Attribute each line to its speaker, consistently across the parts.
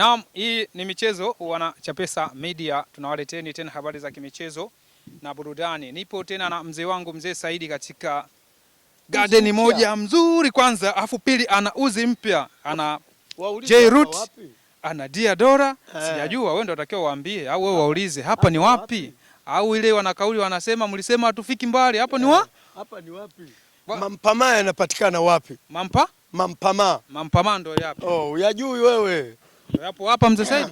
Speaker 1: Naam, hii ni michezo wana Chapesa Media, tunawaleteni tena habari za kimichezo na burudani. Nipo tena na mzee wangu mzee Saidi katika garden moja mzuri kwanza, afu pili ana uzi mpya, ana J root, ana Diadora, eh. sijajua wewe ndio unatakiwa uambie au wewe waulize hapa ni wapi, wapi? Au ile wana kauli wanasema mlisema hatufiki mbali hapa ni eh, wa?
Speaker 2: Hapa ni wapi? Wa... Mampama yanapatikana wapi? Mampa? Mampamaa.
Speaker 1: Mampama ndio yapi?
Speaker 2: Oh, yajui wewe.
Speaker 1: Yapo hapa mzee Said?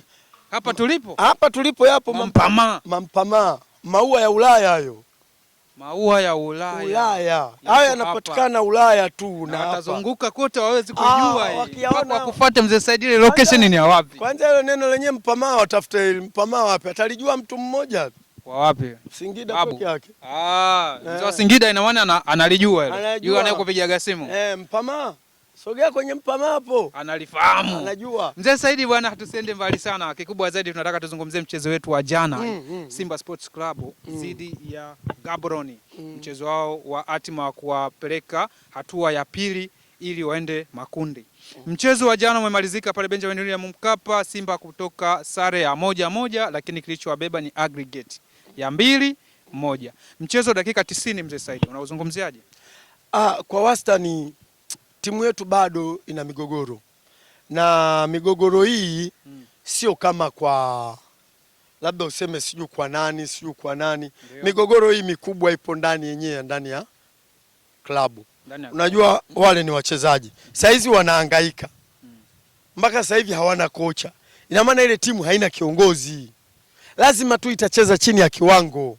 Speaker 1: Hapa tulipo?
Speaker 2: Hapa tulipo yapo mampama. Mampama. Maua ya Ulaya hayo.
Speaker 1: Maua ya Ulaya.
Speaker 2: Ulaya. Hayo yanapatikana Ulaya tu na hapa.
Speaker 1: Watazunguka kote hawawezi ah, kujua hii. Ah, Wakufuate mzee Said ile location ni wapi?
Speaker 2: Kwanza ile neno lenyewe mpama watafute mpama wapi? Atalijua mtu mmoja. Kwa wapi? Singida peke yake.
Speaker 1: Ah, mzee wa eh. Singida ina maana analijua ile. Yule anayekupigia simu.
Speaker 2: Eh, mpama. Sogea kwenye mpamapo.
Speaker 1: Analifahamu. Anajua. Mzee Saidi bwana, tusiende mbali sana. Kikubwa zaidi tunataka tuzungumzie mchezo wetu wa jana mm, mm. Simba Sports Club mm. ya Gaboroni mm. mchezo wao wa atima wa kuwapeleka hatua ya pili ili waende makundi. Mm. Mchezo wa jana umemalizika pale Benjamin William Mkapa, Simba kutoka sare ya moja moja, lakini kilichowabeba ni aggregate ya mbili moja. Mchezo dakika tisini, mzee Saidi, unauzungumziaje?
Speaker 2: Ah, kwa wastani timu yetu bado ina migogoro na migogoro hii hmm. Sio kama kwa labda useme sijui kwa nani sijui kwa nani Ndiyo. Migogoro hii mikubwa ipo ndani yenyewe ndani ya klabu unajua, wale ni wachezaji sahizi wanahangaika hmm. mpaka sasa hivi hawana kocha, ina maana ile timu haina kiongozi, lazima tu itacheza chini ya kiwango.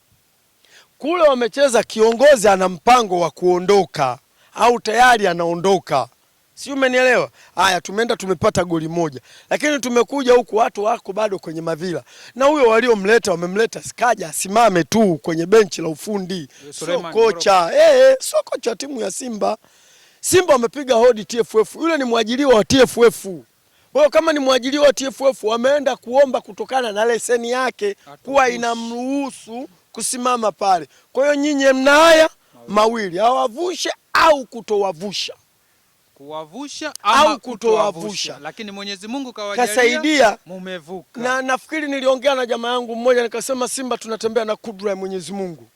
Speaker 2: Kule wamecheza kiongozi ana mpango wa kuondoka au tayari anaondoka, si umenielewa? Haya, tumeenda tumepata goli moja, lakini tumekuja huku watu wako bado kwenye mavila na huyo waliomleta wamemleta Skaja asimame tu kwenye benchi la ufundi, sio kocha eh, eh, sio kocha timu ya Simba. Simba wamepiga hodi TFF, yule ni mwajiliwa wa TFF. Wao kama ni mwajiliwa wa TFF wameenda kuomba kutokana na leseni yake kuwa inamruhusu kusimama pale. Kwa hiyo nyinyi mna haya mawili, awavushe au kutowavusha,
Speaker 1: kuwavusha au
Speaker 2: kutowavusha.
Speaker 1: Lakini Mwenyezi Mungu
Speaker 2: kawajalia
Speaker 1: mumevuka.
Speaker 2: Na nafikiri niliongea na jamaa yangu mmoja nikasema, Simba tunatembea na kudra ya Mwenyezi Mungu.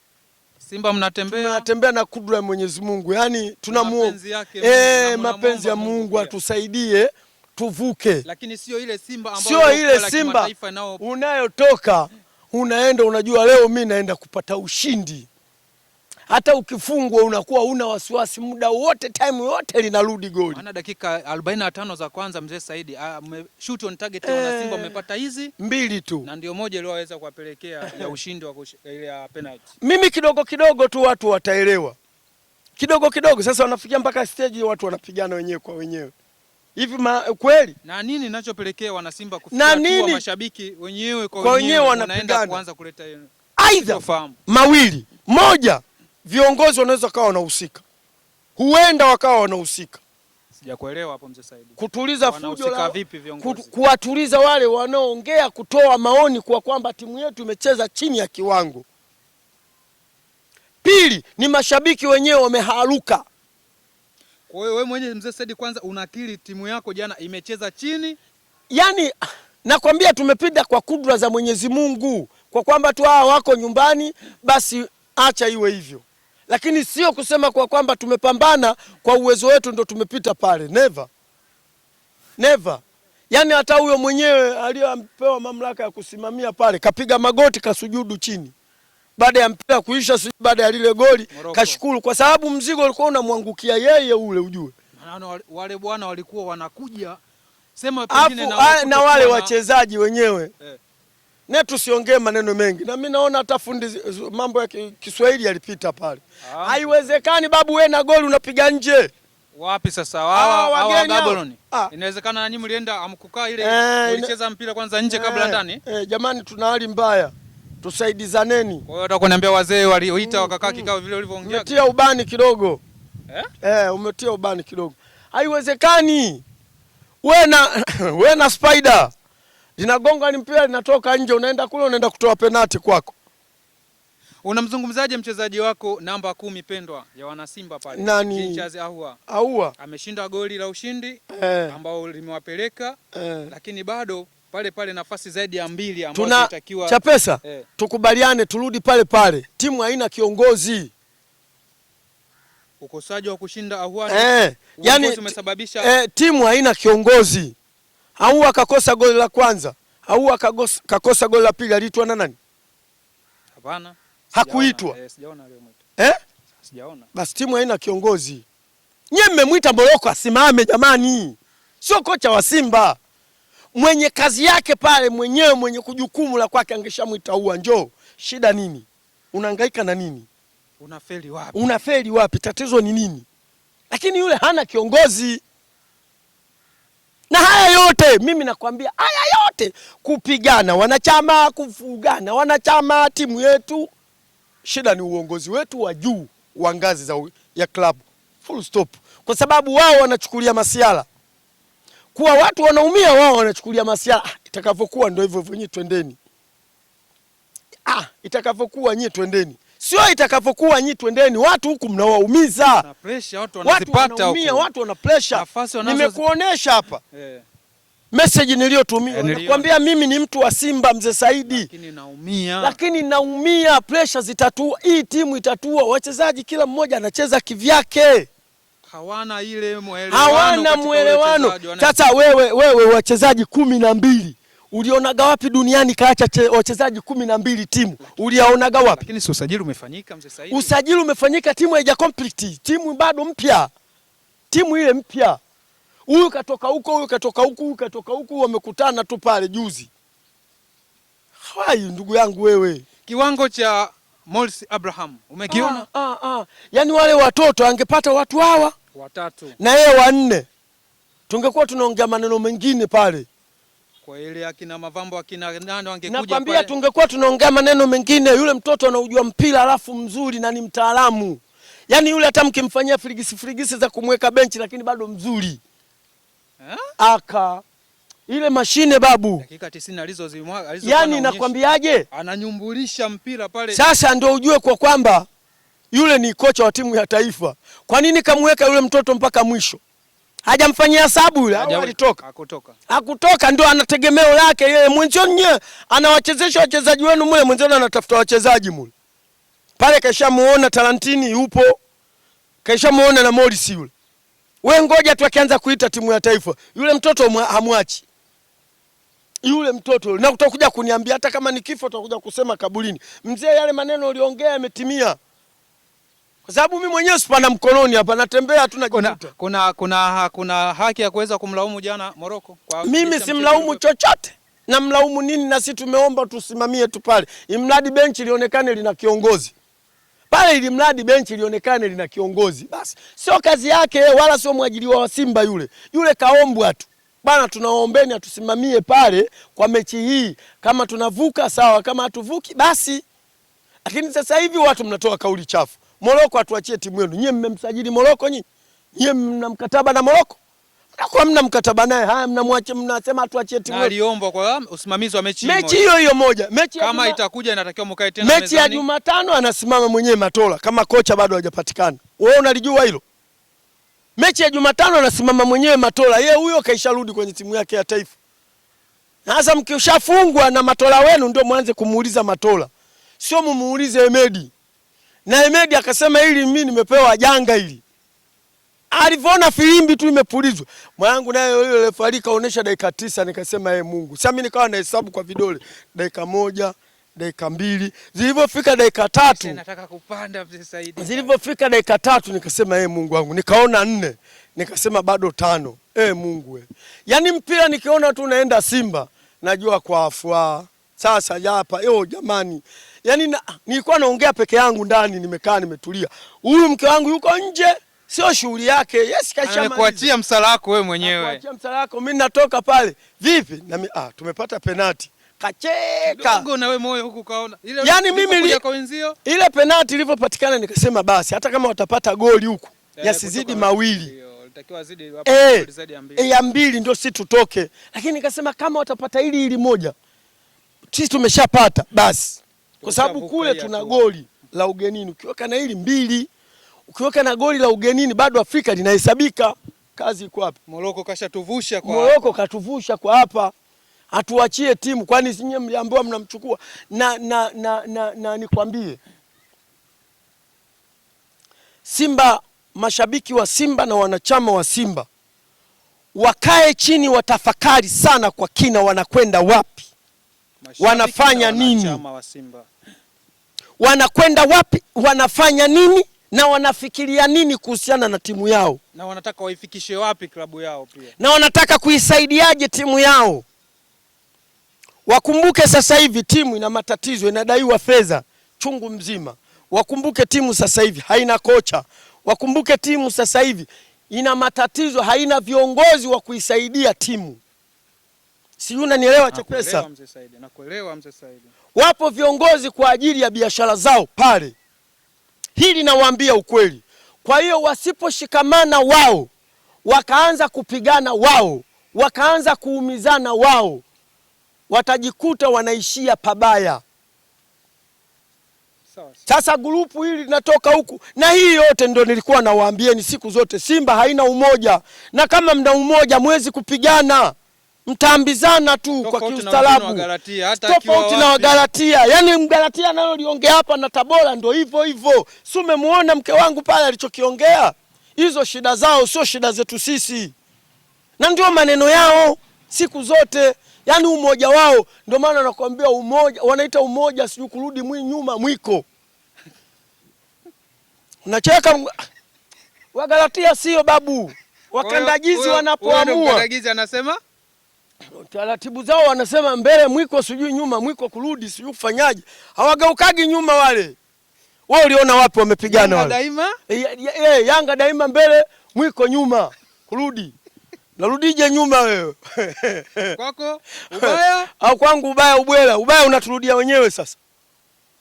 Speaker 1: Simba mnatembea,
Speaker 2: tunatembea na kudra ya Mwenyezi Mungu, yaani, mapenzi yake, eh, mapenzi ya Mungu atusaidie tuvuke,
Speaker 1: lakini sio ile Simba ambayo
Speaker 2: sio ile Simba unayotoka unaenda, unajua leo mi naenda kupata ushindi hata ukifungwa unakuwa una wasiwasi muda wote, time yote linarudi goli.
Speaker 1: Ana dakika 45 za kwanza mzee Saidi shoot on target eh, na Simba amepata hizi
Speaker 2: mbili tu,
Speaker 1: na ndio moja iliyoweza kuwapelekea ya ushindi wa ile ya penalty.
Speaker 2: Mimi kidogo kidogo tu watu wataelewa kidogo kidogo, sasa wanafikia mpaka stage watu wanapigana wenyewe kwa wenyewe hivi kweli.
Speaker 1: Na nini ninachopelekea wana Simba kufikia kwa mashabiki wenyewe
Speaker 2: kwa wenyewe wanaenda kuanza kuleta aidha mawili moja viongozi wanaweza kawa wanahusika, huenda wakawa wanahusika.
Speaker 1: Sijakuelewa hapo mzee Saidi. Kutuliza fujo la vipi viongozi?
Speaker 2: Kuwatuliza wale wanaoongea kutoa maoni kwa kwamba timu yetu imecheza chini ya kiwango. Pili ni mashabiki wenyewe wameharuka.
Speaker 1: Kwa hiyo wewe mwenyewe mzee Saidi, kwanza unakiri timu yako jana imecheza chini?
Speaker 2: Yaani nakwambia tumepita kwa kudra za Mwenyezi Mungu, kwa kwamba tu hawa wako nyumbani, basi acha iwe hivyo lakini sio kusema kwa kwamba tumepambana kwa uwezo wetu ndo tumepita pale. Never. Never. Yaani hata huyo mwenyewe aliyopewa mamlaka ya kusimamia pale kapiga magoti kasujudu chini baada ya mpira kuisha, si baada ya lile goli kashukuru, kwa sababu mzigo ulikuwa unamwangukia yeye ule, ujue
Speaker 1: wale bwana walikuwa wanakuja sema, na wale
Speaker 2: wachezaji wenyewe eh, Ne tusiongee maneno mengi, na mimi naona hata fundi mambo ya Kiswahili yalipita pale. Ah. Haiwezekani babu, wewe na goli unapiga nje
Speaker 1: wapi sasa? Hawa hao wa Gabon, ah. inawezekana nanyi mlienda amkukaa ile eh, mlicheza mpira kwanza nje kabla eh, ndani.
Speaker 2: Eh, jamani, tuna hali mbaya, tusaidizaneni. Kwa
Speaker 1: hiyo hata kuniambia wazee walioita wakakaa mm, kikao mm. vile ulivyoongea,
Speaker 2: umetia ubani kidogo eh? Eh, umetia ubani kidogo. Haiwezekani wewe na wewe na Spider linagonga ni mpira linatoka nje, unaenda kule, unaenda kutoa penati kwako.
Speaker 1: Unamzungumzaje mchezaji wako namba kumi pendwa ya wanasimba pale, nani? Ahua. Ahua ameshinda goli la ushindi eh, ambao limewapeleka eh, lakini bado pale pale nafasi zaidi ya mbili ambazo tunatakiwa
Speaker 2: Chapesa eh, tukubaliane turudi pale pale, timu haina kiongozi
Speaker 1: ukosaji wa kushinda Ahua
Speaker 2: eh, yani,
Speaker 1: umesababisha
Speaker 2: eh, timu haina kiongozi au akakosa goli la kwanza au akakosa goli la pili, aliitwa na nani? Hapana, hakuitwa eh? eh? Basi timu haina kiongozi. Nyie mmemwita Moroko asimame jamani, sio kocha wa Simba mwenye kazi yake pale mwenyewe, mwenye kujukumu la kwake, angeshamwita huwa njoo. Shida nini? Unahangaika na nini?
Speaker 1: Unafeli wapi?
Speaker 2: Unafeli wapi? Tatizo ni nini? Lakini yule hana kiongozi na haya yote mimi nakwambia, haya yote kupigana, wanachama kufugana, wanachama timu yetu, shida ni uongozi wetu wa juu wa ngazi za ya klabu full stop, kwa sababu wao wanachukulia masiala kuwa watu wanaumia, wao wanachukulia masiala. Ah, itakavyokuwa ndio hivyo, nyie twendeni. Ah, itakavyokuwa nyie twendeni sio itakapokuwa nyi twendeni, watu huku mnawaumiza,
Speaker 1: watu wanaumia,
Speaker 2: watu wana pressure. Nimekuonesha hapa yeah. Meseji niliyotumia eh, nakwambia, mimi ni mtu wa Simba mzee Saidi, lakini naumia, lakini Presha zitatua, hii timu itatua. Wachezaji kila mmoja anacheza kivyake,
Speaker 1: hawana ile mwelewano,
Speaker 2: hawana mwelewano. Sasa wewe, wewe wachezaji kumi na mbili Ulionaga wapi duniani kaacha wachezaji kumi na mbili timu? Uliaonaga wapi?
Speaker 1: Lakini si usajili umefanyika mzee Saidi.
Speaker 2: Usajili umefanyika, timu haija complete, timu bado mpya, timu ile mpya. Huyu katoka huko, huyu katoka huko, huyu katoka huko, wamekutana tu pale juzi. Hai, ndugu yangu wewe,
Speaker 1: kiwango cha Morris Abraham umekiona?
Speaker 2: Ah, ah, ah. Yaani wale watoto angepata watu hawa watatu na yeye wanne, tungekuwa tunaongea maneno mengine pale
Speaker 1: kwa ile akina Mavambo akina Nando angekuja
Speaker 2: nakwambia pale... tungekuwa tunaongea maneno mengine. Yule mtoto anaujua mpira alafu mzuri na ni mtaalamu, yaani yule hata mkimfanyia frigisi frigisi za kumweka benchi, lakini bado mzuri ha? Eh? aka ile mashine babu,
Speaker 1: dakika tisini alizo alizo,
Speaker 2: yaani nakwambiaje,
Speaker 1: ananyumbulisha mpira pale.
Speaker 2: Sasa ndio ujue kwa kwamba yule ni kocha wa timu ya taifa. Kwa nini kamweka yule mtoto mpaka mwisho? hajamfanyia hesabu yule, alitoka hakutoka, hakutoka, ndio ana tegemeo lake yeye mwenzio, Nye anawachezesha wachezaji wenu mule, mwenzio, anatafuta wachezaji mule pale. muona Tarantini yupo, muona na Morris yule. We ngoja tu akianza kuita timu ya taifa yule mtoto hamwachi yule mtoto, na utakuja kuniambia hata kama ni kifo, utakuja kusema kaburini, mzee, yale maneno uliongea yametimia kwa sababu mimi mwenyewe sipana mkononi hapa natembea tu kuna,
Speaker 1: kuna, kuna, kuna haki ya kuweza kumlaumu jana Moroko
Speaker 2: kwa mimi simlaumu chochote na mlaumu nini? Na sisi tumeomba tusimamie tu pale, imradi benchi lionekane lina kiongozi pale, ili mradi benchi lionekane lina kiongozi basi. Sio kazi yake wala sio mwajiliwa wa Simba yule yule, kaombwa tu bana, tunaombeni atusimamie pale kwa mechi hii. Kama tunavuka sawa, kama hatuvuki basi. Lakini sasa hivi watu mnatoa kauli chafu Moroko atuachie timu yenu. Nyie mmemsajili Moroko nyinyi? Nyie mna mkataba na Moroko? Mnakuwa mna mkataba naye. Haya mnamwache mnasema atuachie timu
Speaker 1: yenu. Aliomba kwa usimamizi wa mechi.
Speaker 2: Mechi hiyo hiyo moja. Mechi
Speaker 1: kama juma... itakuja inatakiwa mkae tena mezani.
Speaker 2: Mechi ya Jumatano anasimama mwenyewe Matola kama kocha bado hajapatikana. Wewe unalijua hilo? Mechi ya Jumatano anasimama mwenyewe Matola. Yeye huyo kaisharudi kwenye timu yake ya taifa. Sasa mkishafungwa na Matola wenu ndio mwanze kumuuliza Matola. Sio mumuulize Emedi na Emedi akasema hili mimi nimepewa janga hili. Alivyoona filimbi tu imepulizwa, mwanangu naye yule refari kaonesha dakika tisa, nikasema e Mungu. Sasa mimi nikawa nahesabu kwa vidole dakika moja, dakika mbili, zilivyofika dakika tatu,
Speaker 1: nataka kupanda mzee Saidi.
Speaker 2: Zilivyofika dakika tatu nikasema e Mungu wangu, nikaona nne, nikasema bado tano, e Mungu we. Yaani mpira nikiona tu naenda Simba najua kwa afua sasa hapa. Yo jamani yaani nilikuwa naongea peke yangu ndani, nimekaa nimetulia. Huyu mke wangu yuko nje, sio shughuli yake. Yes, kashakuachia
Speaker 1: msala wako wewe mwenyewe,
Speaker 2: kuachia msala wako. Mimi natoka pale vipi na mi, ah, tumepata penati kacheka yaani, mimi li, ile penati ilivyopatikana nikasema basi hata kama watapata goli huku eh, yasizidi mawili eh, eh, ya mbili ndio si tutoke, lakini nikasema kama watapata hili hili moja sisi tumeshapata basi kwa sababu kule tuna goli la ugenini. Ukiweka na hili mbili, ukiweka na goli la ugenini bado Afrika linahesabika. Kazi iko wapi?
Speaker 1: Moroko kashatuvusha kwa
Speaker 2: Moroko katuvusha kwa hapa, hatuachie timu, kwani sinye mliambiwa mnamchukua na, na, na, na, na nikwambie Simba, mashabiki wa Simba na wanachama wa Simba wakae chini, watafakari sana kwa kina, wanakwenda wapi wanafanya nini, wanakwenda wapi, wanafanya nini na wanafikiria nini kuhusiana na timu yao,
Speaker 1: na wanataka waifikishe wapi klabu yao pia,
Speaker 2: na wanataka kuisaidiaje timu yao. Wakumbuke sasa hivi timu ina matatizo, inadaiwa fedha chungu mzima. Wakumbuke timu sasa hivi haina kocha. Wakumbuke timu sasa hivi ina matatizo, haina viongozi wa kuisaidia timu si unanielewa Chapesa.
Speaker 1: Nakuelewa mzee Saidi.
Speaker 2: Wapo viongozi kwa ajili ya biashara zao pale, hili nawaambia ukweli. Kwa hiyo wasiposhikamana wao, wakaanza kupigana wao, wakaanza kuumizana wao, watajikuta wanaishia pabaya. Sasa gurupu hili linatoka huku na hii yote ndio nilikuwa nawaambieni siku zote, Simba haina umoja, na kama mna umoja mwezi kupigana mtaambizana tu kwa kiustaarabu,
Speaker 1: tofauti na Wagalatia.
Speaker 2: yani Mgalatia liongea hapa na Tabora ndo hivyo hivyo. Si umemwona mke wangu pale alichokiongea? Hizo shida zao sio shida zetu sisi, na ndio maneno yao siku zote, yani umoja wao. Ndio maana nakwambia umoja, wanaita umoja sijui kurudi mwi nyuma mwiko. Unacheka Wagalatia sio babu wakandagizi wanapoamua.
Speaker 1: Wagalatia anasema
Speaker 2: taratibu zao wanasema mbele mwiko sijui nyuma mwiko kurudi sijui kufanyaje, hawagaukagi nyuma wale. Wewe uliona wapi wamepigana wale? Daima e, e, Yanga daima mbele mwiko nyuma kurudi narudije nyuma wewe?
Speaker 1: Kwako ubaya
Speaker 2: au kwangu ubaya? Ubwela ubaya unaturudia wenyewe sasa,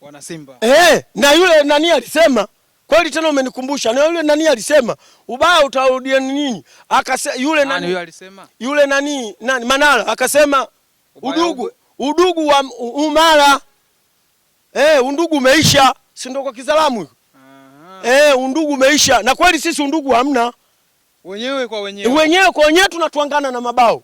Speaker 2: wana Simba eh, na yule nani alisema Kweli tena umenikumbusha. Na yule nani alisema ubaya utarudia nini? Akasema yule nani? Yule alisema. Yule nani? Nani? Manara akasema udugu udugu wa umara. Eh, undugu umeisha. Si ndo kwa Kizalamu hiyo? Eh, undugu umeisha. Na kweli sisi undugu hamna.
Speaker 1: Wenyewe kwa wenyewe.
Speaker 2: Wenyewe kwa wenyewe tunatuangana na mabao.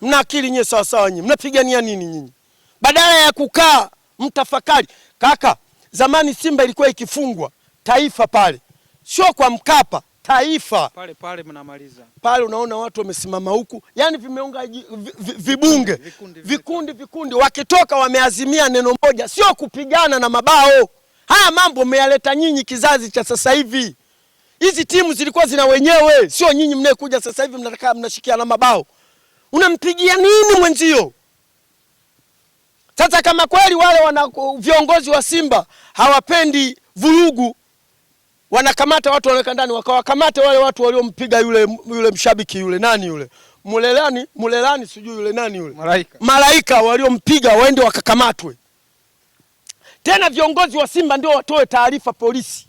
Speaker 2: Mna akili nyewe sawa sawa nyinyi. Mnapigania nini nyinyi? Badala ya kukaa mtafakari. Kaka, zamani Simba ilikuwa ikifungwa taifa pale, sio kwa Mkapa taifa
Speaker 1: pale pale, mnamaliza
Speaker 2: pale, unaona watu wamesimama huku, yani vimeunga vibunge vikundi vikundi, vikundi. Wakitoka wameazimia neno moja, sio kupigana na mabao haya. Mambo mmeyaleta nyinyi, kizazi cha sasa hivi. Hizi timu zilikuwa zina wenyewe, sio nyinyi mnayekuja sasa hivi mnataka na mabao. Unampigia nini mwenzio? Sasa kama kweli wale wana viongozi wa Simba hawapendi vurugu wanakamata watu wanaweka ndani, wakawakamata wale watu waliompiga yule yule mshabiki yule nani yule mulelani mulelani sijui yule nani yule malaika, malaika waliompiga waende wakakamatwe. Tena viongozi wa Simba ndio watoe taarifa polisi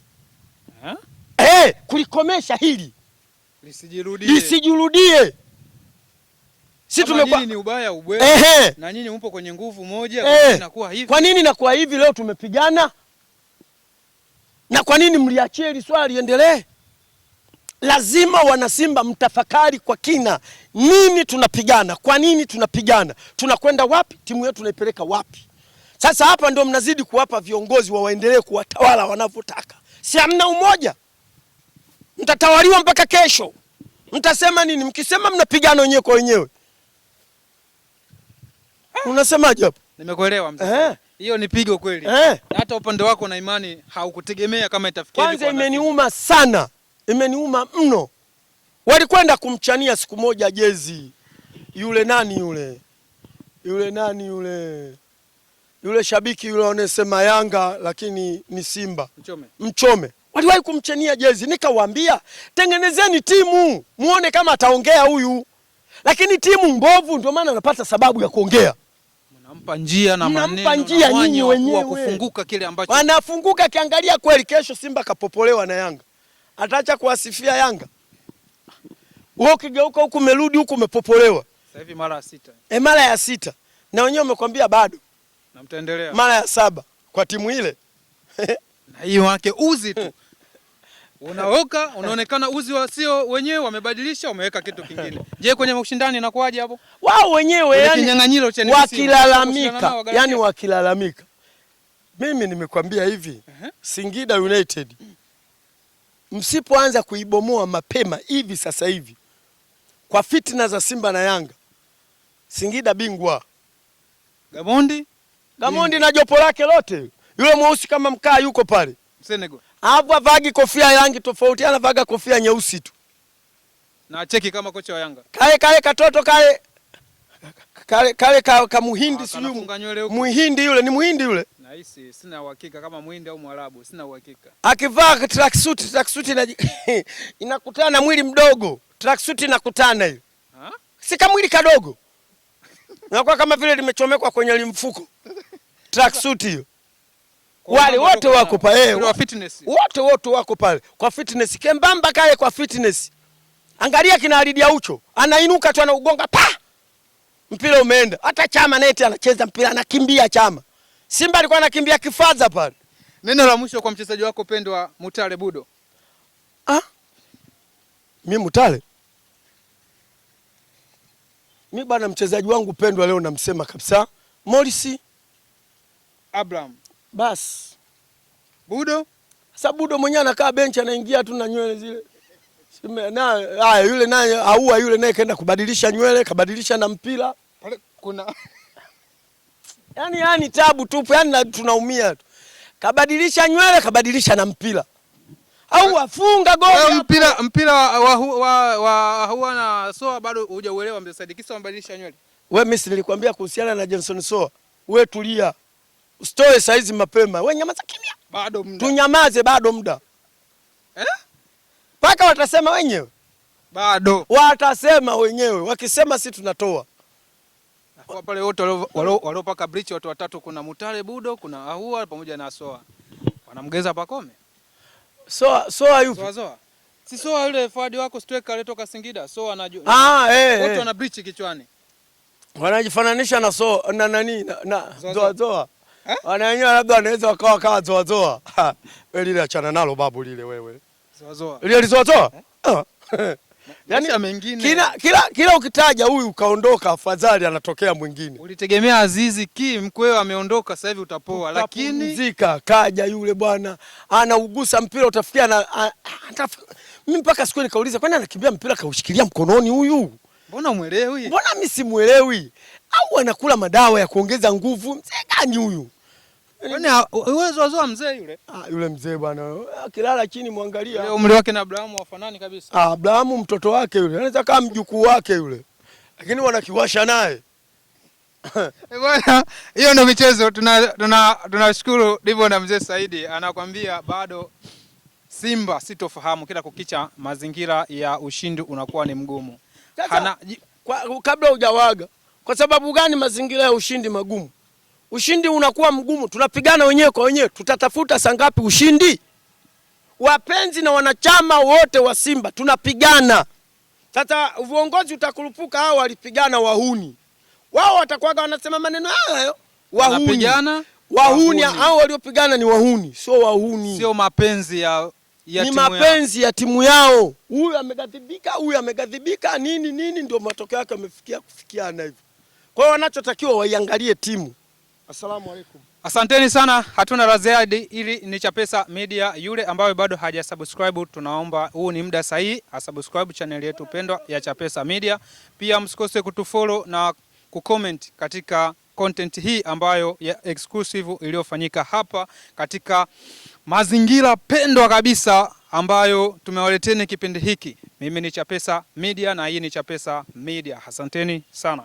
Speaker 2: eh, hey, eh, kulikomesha hili
Speaker 1: lisijirudie,
Speaker 2: lisijirudie. Si tumekuwa ni ubaya ubwela,
Speaker 1: na nyinyi mpo kwenye nguvu moja,
Speaker 2: kwa eh. nini nakuwa hivi? Kwa nini nakuwa hivi? Leo tumepigana na kwa nini mliachia hili swala liendelee? Lazima wanasimba mtafakari kwa kina, nini tunapigana? Kwa nini tunapigana? Tunakwenda wapi? Timu yetu tunaipeleka wapi? Sasa hapa ndio mnazidi kuwapa viongozi wa waendelee kuwatawala wanavyotaka. Si hamna umoja? Mtatawaliwa mpaka kesho. Mtasema nini? Mkisema mnapigana wenyewe kwa wenyewe, unasemaje hapo?
Speaker 1: Nimekuelewa mzee. Eh? Hiyo ni pigo kweli. Eh? Hata upande wako na imani haukutegemea kama itafikia. Kwanza
Speaker 2: imeniuma sana, imeniuma mno. Walikwenda kumchania siku moja jezi yule nani yule yule nani yule yule shabiki yule anasema Yanga lakini ni Simba Mchome, Mchome. Waliwahi kumchania jezi, nikawaambia tengenezeni timu muone kama ataongea huyu, lakini timu mbovu, ndio maana anapata sababu ya kuongea.
Speaker 1: Nampa njia na maneno. Nampa
Speaker 2: njia nyinyi wenyewe.
Speaker 1: Kufunguka kile ambacho.
Speaker 2: Wanafunguka kiangalia kweli kesho Simba kapopolewa na Yanga. Ataacha kuwasifia Yanga. Wewe ukigeuka huku umerudi huku umepopolewa.
Speaker 1: Sasa hivi mara ya sita.
Speaker 2: E, mara ya sita. Na wenyewe umekwambia bado. Na mtaendelea. Mara ya saba kwa timu ile.
Speaker 1: na hiyo wake uzi tu. unaoka unaonekana uzi wasio wenyewe, wamebadilisha wameweka kitu kingine. Je, kwenye mashindano inakuwaje hapo?
Speaker 2: Wao wenyewe yani wakilalamika, yani wakilalamika. Mimi nimekwambia hivi uh -huh. Singida United msipoanza kuibomoa mapema hivi sasa hivi kwa fitina za Simba na Yanga, Singida bingwa. Gamondi Gamondi na jopo lake lote, yule mweusi kama mkaa yuko pale Senegal hapo vagi kofia yangi tofauti, anavaga kofia nyeusi tu.
Speaker 1: Na cheki kama kocha wa Yanga.
Speaker 2: Kae kae katoto kae. kale kale ka, ka muhindi ah, sijui muhindi yule ni muhindi yule.
Speaker 1: Nahisi sina uhakika kama muhindi au mwarabu, sina uhakika.
Speaker 2: Akivaa track suit ina, inakutana na mwili mdogo. Track suit inakutana hiyo. Ha? Si kama mwili kadogo. Nakuwa kama vile limechomekwa kwenye limfuko. Track suit hiyo wale wote wako pale, wote wote wako pale kwa fitness, kembamba kale kwa fitness. Angalia kina Alidia Ucho anainuka tu anaugonga pa mpira umeenda. Hata Chama neti anacheza mpira anakimbia. Chama Simba alikuwa anakimbia kifaza pale.
Speaker 1: Neno la mwisho kwa mchezaji wako pendwa Mutale Budo.
Speaker 2: Ah, mi Mutale mi bwana, mchezaji wangu pendwa leo namsema kabisa Morisi Abraham. Basi Budo sasa, Budo mwenyewe anakaa benchi, anaingia tu na nywele zile na haya, yule naye aua yule naye kaenda kubadilisha nywele, kabadilisha na mpira
Speaker 1: pale kuna
Speaker 2: yani, yani tabu tupu, yani tunaumia tu, kabadilisha nywele, kabadilisha na mpira au afunga goli
Speaker 1: mpira mpira wa wa, wa, wa huwa na Soa bado hujauelewa, mzee Saidi, kisa mbadilisha nywele.
Speaker 2: Wewe mimi nilikwambia kuhusiana na Johnson Soa, wewe tulia. Usitoe saizi mapema. Wewe nyamaza kimya. Bado muda. Tunyamaze bado muda. Eh? Paka watasema wenyewe. Bado. Watasema wenyewe. Wakisema si tunatoa.
Speaker 1: Kwa pale wote walio paka bridge watu watatu kuna Mutale Budo, kuna Ahua pamoja na Soa. Wanamgeza Pakome.
Speaker 2: Soa Soa yupi?
Speaker 1: Soa Soa. Si Soa yule Fadi wako striker aliyetoka Singida. Soa anajua.
Speaker 2: Ah, eh. Wote
Speaker 1: eh. wana bridge kichwani.
Speaker 2: Wanajifananisha na Soa na nani na, na na, Zoa, Zoa Zoa. Eh? Wana wenyewe labda wanaweza wakawa kawa zoazoa. Wewe lile achana nalo babu lile wewe. Zoazoa. zoa. Lile zoa zoa? Eh? Ah. Yaani mengine. Kila kila kila ukitaja huyu ukaondoka afadhali anatokea mwingine.
Speaker 1: Ulitegemea Azizi ki mkweo ameondoka sasa hivi utapoa lakini
Speaker 2: mzika kaja yule bwana anaugusa mpira utafikia na mimi mpaka siku nikauliza kwani anakimbia mpira kaushikilia mkononi huyu?
Speaker 1: Mbona umuelewi?
Speaker 2: Mbona mimi simuelewi? au anakula madawa ya kuongeza nguvu? Mzee gani huyu? Mzee yule Ah, yule mzee bwana, akilala chini mwangalia
Speaker 1: umri wake na Abrahamu wafanani kabisa.
Speaker 2: Ah, Abrahamu mtoto wake yule anaweza kama mjukuu wake yule, lakini wanakiwasha naye
Speaker 1: eh, bwana. Hiyo ndio michezo. Tunashukuru ndivyo na mzee Saidi anakwambia bado Simba sitofahamu, kila kukicha mazingira ya ushindi unakuwa ni mgumu.
Speaker 2: Hana... kwa, kabla hujawaga kwa sababu gani? Mazingira ya ushindi magumu, ushindi unakuwa mgumu, tunapigana wenyewe kwa wenyewe. Tutatafuta sangapi ushindi? Wapenzi na wanachama wote wa Simba tunapigana sasa. Uongozi utakurupuka, hao walipigana wahuni, wao watakuwaga wanasema maneno hayo, wahuni wahuni. Hao waliopigana ni wahuni, sio wahuni,
Speaker 1: sio mapenzi ya
Speaker 2: ya ni mapenzi ya timu yao. Huyu amegadhibika, huyu amegadhibika, nini nini, ndio matokeo yake amefikia kufikiana hivyo. Kwa hiyo wanachotakiwa waiangalie timu. Asalamu alaykum.
Speaker 1: Asanteni sana, hatuna la ziada. Ili ni Chapesa Media. Yule ambayo bado hajasubscribe, tunaomba huu ni muda sahihi asubscribe channel yetu pendwa ya Chapesa Media. Pia msikose kutufollow na kucomment katika content hii ambayo ya exclusive iliyofanyika hapa katika mazingira pendwa kabisa ambayo tumewaleteni kipindi hiki. Mimi ni Chapesa Media na hii ni Chapesa Media. Asanteni sana.